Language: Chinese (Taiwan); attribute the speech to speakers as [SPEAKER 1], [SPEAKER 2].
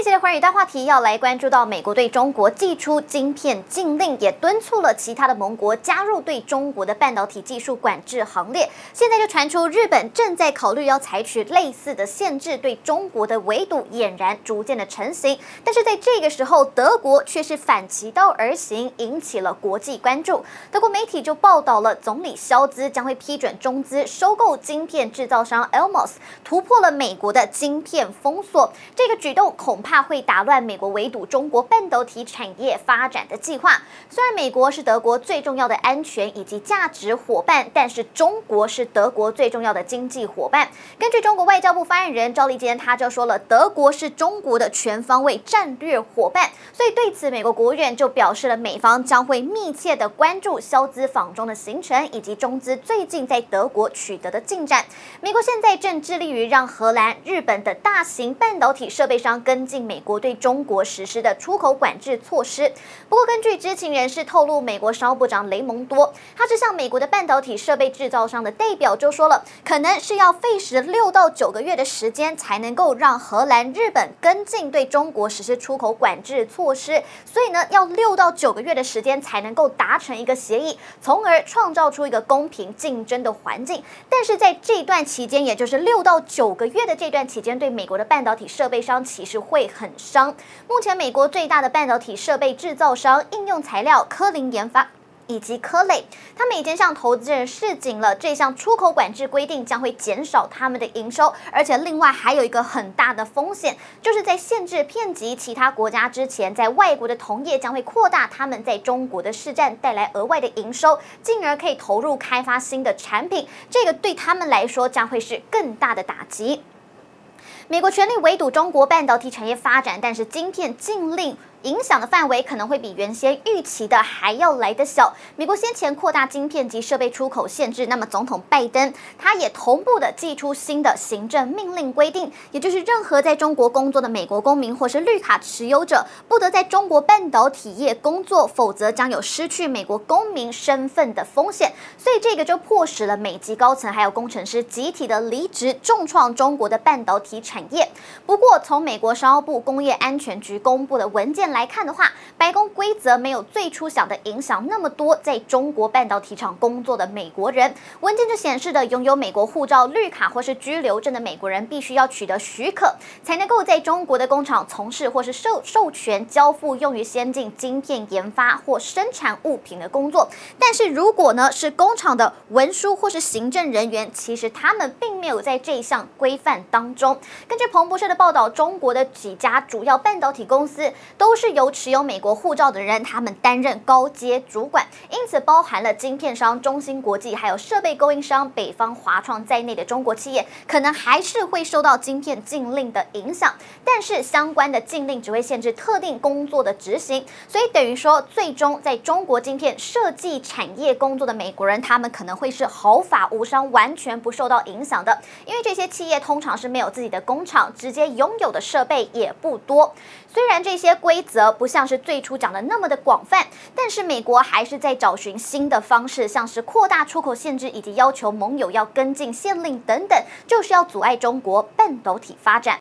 [SPEAKER 1] 接下來關於大話題，要來關注到美國對中國祭出晶片禁令，也敦促了其他的盟國加入對中國的半導體技術管制行列。現在就傳出日本正在考慮要採取類似的限制，對中國的圍堵儼然逐漸的成型。但是在這個時候，德國卻是反其道而行，引起了國際關注。德國媒體就報道了，總理肖茲將會批准中資收購晶片制造商 Elmos，突破了美國的晶片封鎖。這個舉動恐怕。怕會打亂美國圍堵中國半導體產業發展的計劃。雖然美國是德國最重要的安全以及價值夥伴，但是中國是德國最重要的經濟夥伴。根據中國外交部發言人趙立堅，他就說了，德國是中國的全方位戰略夥伴。所以對此，美國國務院就表示了，美方將會密切的關注蕭茲訪中的行程以及中資最近在德國取得的進展。美國現在正致力於讓荷蘭、日本的大型半導體設備商跟進。美國對中國實施的出口管制措施。不過，根據知情人士透露，美國商務部長雷蒙多，他是向美國的半導體設備製造商的代表就說了，可能是要費時六到九個月的時間，才能夠讓荷蘭、日本跟進對中國實施出口管制措施。所以呢，要六到九個月的時間才能夠達成一個協議，從而創造出一個公平競爭的環境。但是在這段期間，也就是六到九個月的這段期間，對美國的半導體設備商其實會。很傷。目前，美國最大的半導體設備製造商應用材料、科林研發以及科磊，他們已經向投資人示警了，這項出口管制規定將會減少他們的營收。而且，另外還有一個很大的風險，就是在限制遍及其他國家之前，在外國的同業將會擴大他們在中國的市占，帶來額外的營收，進而可以投入開發新的產品。這個對他們來說將會是更大的打擊。美國全力圍堵中國半導體產業發展，但是晶片禁令。影響的範圍可能會比原先預期的還要來得小。美國先前擴大晶片及設備出口限制，那麼總統拜登他也同步的祭出新的行政命令，規定，也就是任何在中國工作的美國公民或是綠卡持有者，不得在中國半導體業工作，否則將有失去美國公民身份的風險。所以這個就迫使了美籍高層還有工程師集體的離職，重創中國的半導體產業。不過，從美國商務部工業安全局公布的文件來。來看的話，白宮規則沒有最初想的影響那麼多。在中國半導體廠工作的美國人，文件就顯示的擁有美國護照、綠卡或是居留證的美國人，必須要取得許可才能夠在中國的工廠從事或是授授權交付用於先進晶片研發或生產物品的工作。但是如果呢是工廠的文書或是行政人員，其實他們並沒有在這項規範當中。根據彭博社的報道，中國的幾家主要半導體公司都。是由持有美國護照的人他們擔任高階主管，因此包含了晶片商中芯國際，還有設備供應商北方華創在內的中國企業，可能還是會受到晶片禁令的影響。但是相關的禁令只會限制特定工作的執行，所以等於說，最終在中國晶片設計產業工作的美國人，他們可能會是毫髮無傷、完全不受到影響的。因為這些企業通常是沒有自己的工廠，直接擁有的設備也不多。雖然這些規則不像是最初講得那麼的廣泛，但是美國還是在找尋新的方式，像是擴大出口限制以及要求盟友要跟進限令等等，就是要阻礙中國半導體發展。